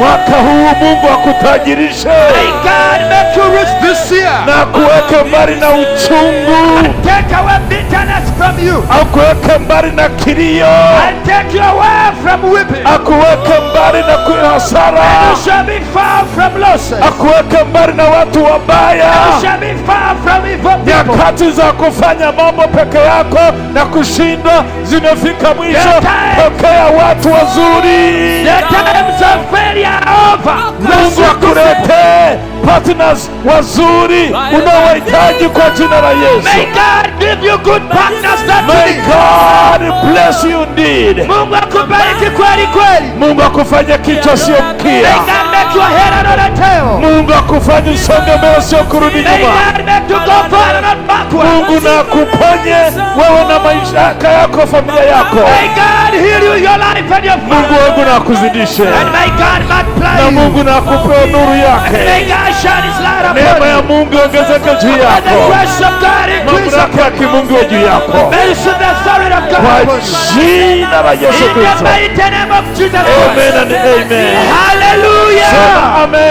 Mwaka huu Mungu akutajirishe na kuweke mbali na uchungu, akuweke mbali na kilio, akuweke mbali na hasara, akuweke mbali na watu wabaya, nyakati za kufanya mambo peke yako na kushindwa zimefika mwisho. Pokea watu wazuri. partners wazuri unaowahitaji kwa jina la Yesu. May God give you good partners that May God bless you indeed. Mungu akubariki kweli kweli. Mungu akufanye kichwa sio mkia. May God make your head and not tail. Mungu akufanye usonge mbele sio kurudi nyuma. May God make you go forward not backward. Mungu na akuponye wewe na maisha yako, familia yako. May God heal you your life and your family. Mungu Bwana akuzidishe, na Mungu na akupe nuru yake, neema ya Mungu ongezeke juu yako, mamlaka ya kimungu juu yako, kwa jina la Yesu Kristo. Amen and amen. Hallelujah. Amen.